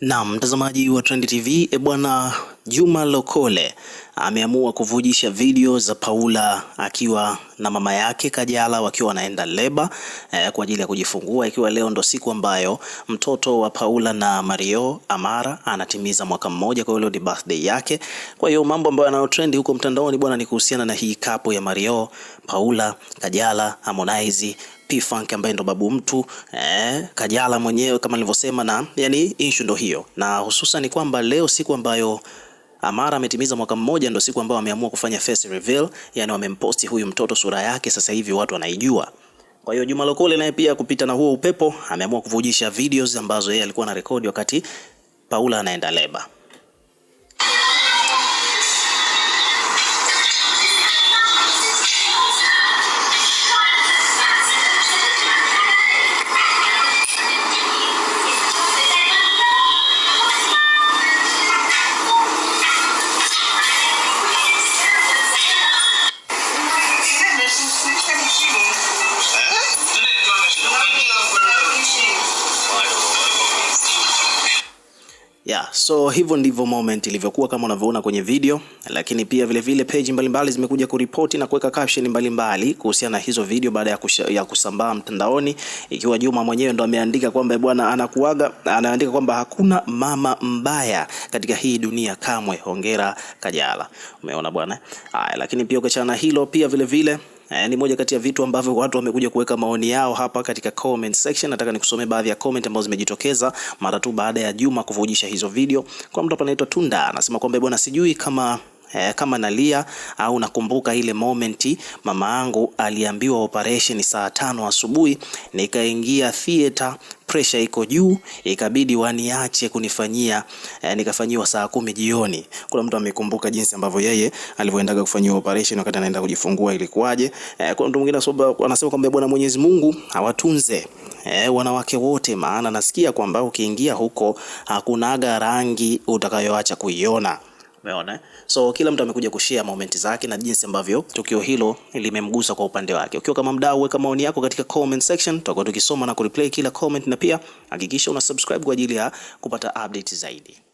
Na mtazamaji wa Trend TV, e bwana, Juma Lokole ameamua kuvujisha video za Paula akiwa na mama yake Kajala wakiwa wanaenda leba eh, kwa ajili ya kujifungua, ikiwa leo ndo siku ambayo mtoto wa Paula na Mario Amara anatimiza mwaka mmoja. Kwa hiyo ni birthday yake. Kwa hiyo mambo ambayo trend huko mtandaoni bwana ni kuhusiana na hii kapu ya Mario, Paula, Kajala, Harmonize P Funk ambaye ndo babu mtu eh, Kajala mwenyewe kama nilivyosema, na yani issue ndo hiyo, na hususan kwamba leo siku ambayo Amara ametimiza mwaka mmoja ndo siku ambayo ameamua kufanya face reveal, yani wamemposti huyu mtoto sura yake, sasa hivi watu wanaijua. Kwa hiyo Juma Lokole naye pia kupita na huo upepo ameamua kuvujisha videos ambazo yeye alikuwa na rekodi wakati Paula anaenda leba. Yeah, so hivyo ndivyo moment ilivyokuwa kama unavyoona kwenye video, lakini pia vile vile page mbalimbali zimekuja kuripoti na kuweka caption mbalimbali kuhusiana na hizo video baada ya, ya kusambaa mtandaoni, ikiwa Juma mwenyewe ndo ameandika kwamba eh, bwana anakuaga, anaandika kwamba hakuna mama mbaya katika hii dunia kamwe, hongera Kajala. Umeona bwana eh? haya, lakini pia ukiachana na hilo pia vile vile eh, ni moja kati ya vitu ambavyo watu wamekuja kuweka maoni yao hapa katika comment section. Nataka nikusomee baadhi ya comment ambazo zimejitokeza mara tu baada ya Juma kuvujisha hizo video. Kwa mtu hapa anaitwa Tunda anasema kwamba bwana, sijui kama eh, kama nalia au nakumbuka ile moment mama yangu aliambiwa operation saa tano asubuhi, nikaingia theater, pressure iko juu, ikabidi waniache kunifanyia eh, nikafanyiwa saa kumi jioni. Kuna mtu amekumbuka jinsi ambavyo yeye alivyoendaga kufanyiwa operation wakati anaenda kujifungua ilikuwaje? Eh, kuna mtu mwingine anasema kwamba Bwana Mwenyezi Mungu awatunze eh, wanawake wote, maana nasikia kwamba ukiingia huko hakunaga rangi utakayoacha kuiona. Umeona? So kila mtu amekuja kushare moment zake na jinsi ambavyo tukio hilo limemgusa kwa upande wake. Ukiwa kama mdau, weka maoni yako katika comment section, tutakuwa tukisoma na kureply kila comment, na pia hakikisha una subscribe kwa ajili ya kupata update zaidi.